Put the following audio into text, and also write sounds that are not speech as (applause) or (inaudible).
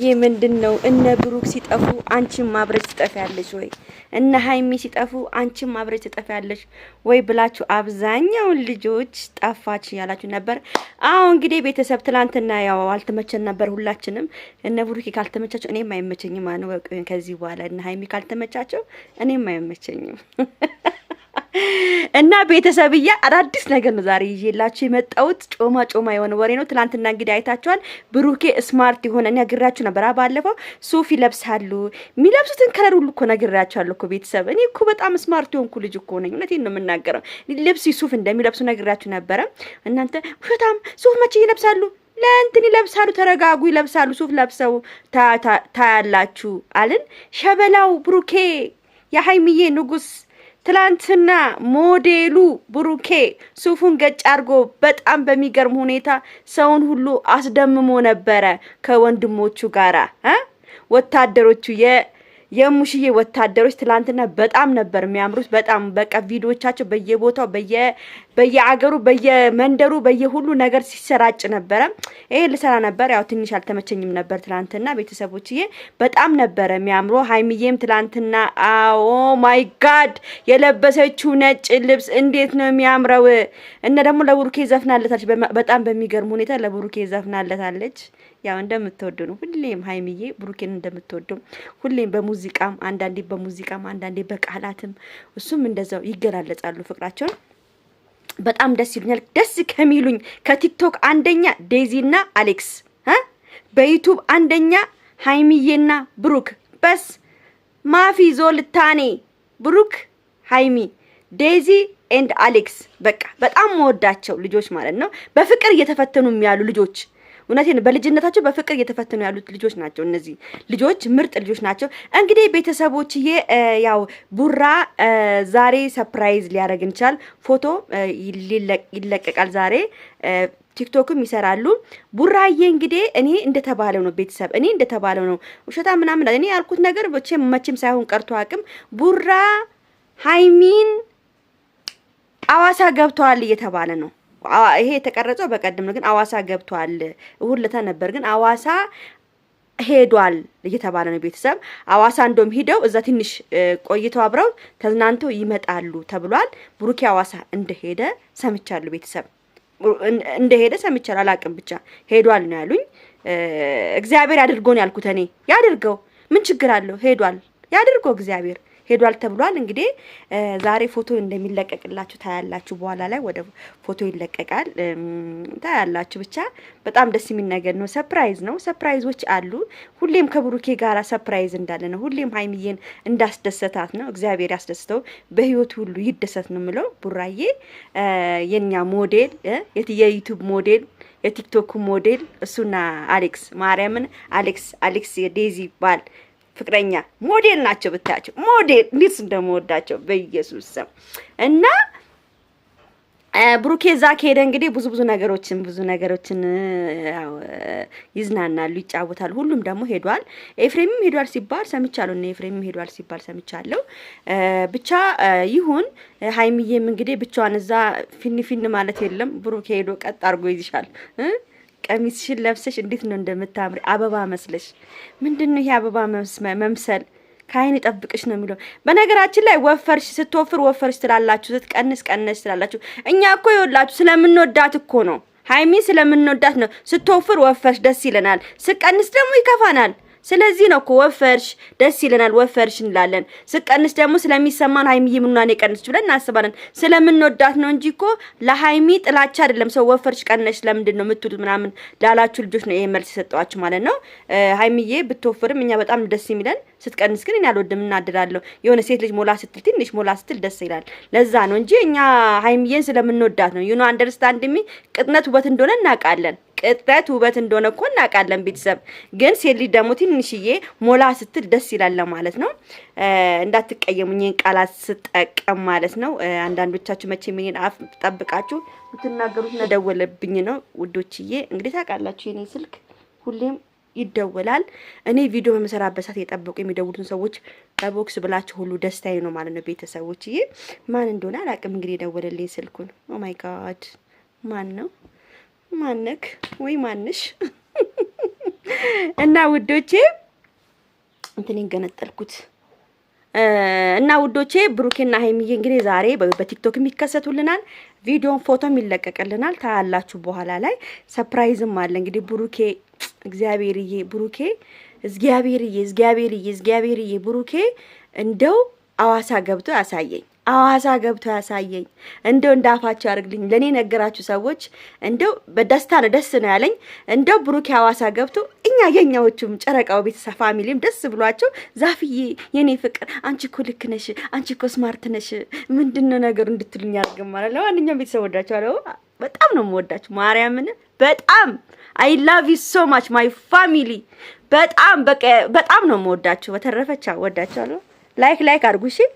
ይህ ምንድን ነው? እነ ብሩክ ሲጠፉ አንቺም ማብረች ትጠፊያለሽ ወይ? እነ ሀይሚ ሲጠፉ አንቺም ማብረች ትጠፊያለሽ ወይ ብላችሁ አብዛኛውን ልጆች ጠፋች እያላችሁ ነበር። አሁ እንግዲህ ቤተሰብ ትላንትና ያው አልተመቸን ነበር ሁላችንም። እነ ብሩክ ካልተመቻቸው እኔም አይመቸኝም። ከዚህ በኋላ እነ ሀይሚ ካልተመቻቸው እኔም አይመቸኝም። (laughs) እና ቤተሰብዬ አዳዲስ ነገር ነው ዛሬ ይዤላችሁ የመጣሁት። ጮማ ጮማ የሆነ ወሬ ነው። ትናንትና እንግዲህ አይታችኋል። ብሩኬ ስማርት የሆነ እኔ ነግራችሁ ነበር። ባለፈው ሱፍ ይለብሳሉ። የሚለብሱትን ከለር ሁሉ እኮ ነግራችኋለሁ እኮ ቤተሰብ። እኔ እኮ በጣም ስማርት የሆንኩ ልጅ እኮ ነኝ። እውነቴን ነው የምናገረው። ልብስ ሱፍ እንደሚለብሱ ነግራችሁ ነበረ። እናንተ ውሸታም፣ ሱፍ መቼ ይለብሳሉ? ለእንትን ይለብሳሉ። ተረጋጉ፣ ይለብሳሉ። ሱፍ ለብሰው ታያላችሁ አልን። ሸበላው ብሩኬ የሀይምዬ ንጉስ ትላንትና ሞዴሉ ብሩኬ ሱፉን ገጭ አድርጎ በጣም በሚገርም ሁኔታ ሰውን ሁሉ አስደምሞ ነበረ ከወንድሞቹ ጋራ ወታደሮቹ የሙሽዬ ወታደሮች ትላንትና በጣም ነበር የሚያምሩት። በጣም በቃ ቪዲዮቻቸው በየቦታው በየአገሩ በየመንደሩ በየሁሉ ነገር ሲሰራጭ ነበረ። ይሄ ልሰራ ነበር ያው ትንሽ አልተመቸኝም ነበር ትላንትና። ቤተሰቦችዬ በጣም ነበረ የሚያምሩ። ሀይሚዬም ትላንትና አዎ ማይ ጋድ የለበሰችው ነጭ ልብስ እንዴት ነው የሚያምረው! እና ደግሞ ለቡሩኬ ዘፍናለታለች። በጣም በሚገርም ሁኔታ ለቡሩኬ ዘፍናለታለች። ያው እንደምትወደው ነው ሁሌም ሀይሚዬ ብሩኬን እንደምትወዱ ሁሌም በሙዚቃም አንዳንዴ በሙዚቃም አንዳንዴ በቃላትም እሱም እንደዛው ይገላለጻሉ ፍቅራቸውን። በጣም ደስ ይሉኛል። ደስ ከሚሉኝ ከቲክቶክ አንደኛ ዴዚና አሌክስ በዩቱብ አንደኛ ሀይሚዬና ብሩክ በስ ማፊ ዞልታኔ ብሩክ ሀይሚ ዴዚ ኤንድ አሌክስ በቃ በጣም መወዳቸው ልጆች ማለት ነው። በፍቅር እየተፈተኑ ያሉ ልጆች እውነቴን በልጅነታቸው በፍቅር እየተፈተኑ ያሉት ልጆች ናቸው። እነዚህ ልጆች ምርጥ ልጆች ናቸው። እንግዲህ ቤተሰቦችዬ ያው ቡራ ዛሬ ሰፕራይዝ ሊያደርግን ይችላል። ፎቶ ይለቀቃል ዛሬ ቲክቶክም ይሰራሉ። ቡራዬ እንግዲህ እኔ እንደተባለው ነው ቤተሰብ፣ እኔ እንደተባለው ነው ውሸታ ምናምን እኔ ያልኩት ነገር መቼም ሳይሆን ቀርቶ አቅም ቡራ ሀይሚን አዋሳ ገብተዋል እየተባለ ነው። ይሄ የተቀረጸው በቀደም ነው፣ ግን አዋሳ ገብቷል። እሁድ ለታ ነበር፣ ግን አዋሳ ሄዷል እየተባለ ነው። ቤተሰብ አዋሳ እንደም ሂደው እዛ ትንሽ ቆይተው አብረው ተዝናንተው ይመጣሉ ተብሏል። ብሩኬ አዋሳ እንደሄደ ሰምቻለሁ። ቤተሰብ እንደሄደ ሰምቻለሁ፣ አላቅም ብቻ ሄዷል ነው ያሉኝ። እግዚአብሔር ያድርጎን ያልኩት እኔ። ያድርገው፣ ምን ችግር አለው? ሄዷል፣ ያድርገው እግዚአብሔር ሄዷል ተብሏል። እንግዲህ ዛሬ ፎቶ እንደሚለቀቅላችሁ ታያላችሁ። በኋላ ላይ ወደ ፎቶ ይለቀቃል ታያላችሁ። ብቻ በጣም ደስ የሚል ነገር ነው። ሰፕራይዝ ነው። ሰፕራይዞች አሉ። ሁሌም ከብሩኬ ጋራ ሰፕራይዝ እንዳለ ነው። ሁሌም ሀይሚዬን እንዳስደሰታት ነው። እግዚአብሔር ያስደስተው በህይወቱ ሁሉ ይደሰት ነው ምለው ቡራዬ የኛ ሞዴል፣ የዩቱብ ሞዴል የቲክቶክ ሞዴል እሱና አሌክስ ማርያምን አሌክስ አሌክስ የዴዚ ባል ፍቅረኛ ሞዴል ናቸው ብታያቸው፣ ሞዴል እንዴት እንደምወዳቸው በኢየሱስ ስም እና ብሩኬ እዛ ከሄደ እንግዲህ ብዙ ብዙ ነገሮችን ብዙ ነገሮችን ይዝናናሉ፣ ይጫወታሉ። ሁሉም ደግሞ ሄዷል። ኤፍሬምም ሄዷል ሲባል ሰምቻለሁ። እና ኤፍሬምም ሄዷል ሲባል ሰምቻለሁ። ብቻ ይሁን። ሀይሚዬም እንግዲህ ብቻዋን እዛ ፊንፊን ማለት የለም። ብሩኬ ሄዶ ቀጥ አድርጎ ይዝሻል። ቀሚስሽን ለብሰሽ እንዴት ነው እንደምታምሪ አበባ መስለሽ። ምንድን ነው ይሄ አበባ መምሰል? ከአይን ይጠብቅሽ ነው የሚለው። በነገራችን ላይ ወፈርሽ፣ ስትወፍር ወፈርሽ ትላላችሁ፣ ስትቀንስ ቀንስ ትላላችሁ። እኛ እኮ ይኸውላችሁ ስለምንወዳት እኮ ነው ሀይሚ ስለምንወዳት ነው። ስትወፍር ወፈርሽ ደስ ይለናል፣ ስቀንስ ደግሞ ይከፋናል። ስለዚህ ነው እኮ ወፈርሽ፣ ደስ ይለናል፣ ወፈርሽ እንላለን። ስቀንስ ደግሞ ስለሚሰማን ሀይሚዬ ምኗን የቀንስ ብለን እናስባለን። ስለምንወዳት ነው እንጂ እኮ ለሀይሚ ጥላቻ አይደለም። ሰው ወፈርሽ ቀነሽ ለምንድን ነው የምትሉት ምናምን ላላችሁ ልጆች ነው ይሄ መልስ የሰጠዋችሁ ማለት ነው። ሀይሚዬ ብትወፍርም እኛ በጣም ደስ የሚለን ስትቀንስ ግን እኔ አልወድም፣ እናድዳለሁ። የሆነ ሴት ልጅ ሞላ ስትል ትንሽ ሞላ ስትል ደስ ይላል። ለዛ ነው እንጂ እኛ ሀይሚዬን ስለምንወዳት ነው። ዩኖ አንደርስታንድ ሚ ቅጥነት ውበት እንደሆነ እናውቃለን። ቅጥረት ውበት እንደሆነ እኮ እናውቃለን። ቤተሰብ ግን ሴት ልጅ ደግሞ ትንሽዬ ሞላ ስትል ደስ ይላል ማለት ነው። እንዳትቀየሙኝ ይህን ቃላት ስጠቀም ማለት ነው። አንዳንዶቻችሁ መቼ እኔን አፍ ጠብቃችሁ የምትናገሩት ነደወለብኝ ነው ውዶችዬ። እንግዲህ ታውቃላችሁ የኔ ስልክ ሁሌም ይደወላል። እኔ ቪዲዮ በምሰራበት ሰዓት የጠበቁ የሚደውሉትን ሰዎች በቦክስ ብላችሁ ሁሉ ደስታዬ ነው ማለት ነው ቤተሰቦችዬ። ማን እንደሆነ አላውቅም። እንግዲህ የደወለልኝ ስልኩን ኦ ማይ ጋድ ማን ነው? ማነክ ወይ ማንሽ እና ውዶቼ እንትን ገነጠልኩት እና ውዶቼ ብሩኬና ሀይሚዬ እንግዲህ ዛሬ በቲክቶክ የሚከሰቱልናል፣ ቪዲዮን ፎቶም ይለቀቅልናል። ታያላችሁ በኋላ ላይ ሰፕራይዝም አለ እንግዲህ ብሩኬ እግዚአብሔርዬ ብሩኬ እግዚአብሔርዬ እግዚአብሔርዬ እግዚአብሔርዬ ብሩኬ እንደው አዋሳ ገብቶ ያሳየኝ። አዋሳ ገብቶ ያሳየኝ። እንደው እንዳፋቸው ያደርግልኝ። ለእኔ ነገራችሁ ሰዎች እንደው በደስታ ነው ደስ ነው ያለኝ። እንደው ብሩኬ አዋሳ ገብቶ እኛ የኛዎቹም ጨረቃው ቤተሰብ ፋሚሊም ደስ ብሏቸው ዛፍዬ፣ የኔ ፍቅር፣ አንቺ እኮ ልክ ነሽ፣ አንቺ እኮ ስማርት ነሽ፣ ምንድን ነው ነገሩ እንድትሉኝ ያደርግማል። ለማንኛውም ቤተሰብ ወዳችኋለሁ። በጣም ነው የምወዳችሁ ማርያምን በጣም አይ ላቭ ዩ ሶ ማች ማይ ፋሚሊ። በጣም በቃ በጣም ነው የምወዳችሁ። በተረፈቻ ወዳችኋለሁ። ላይክ ላይክ አድርጉ እሺ።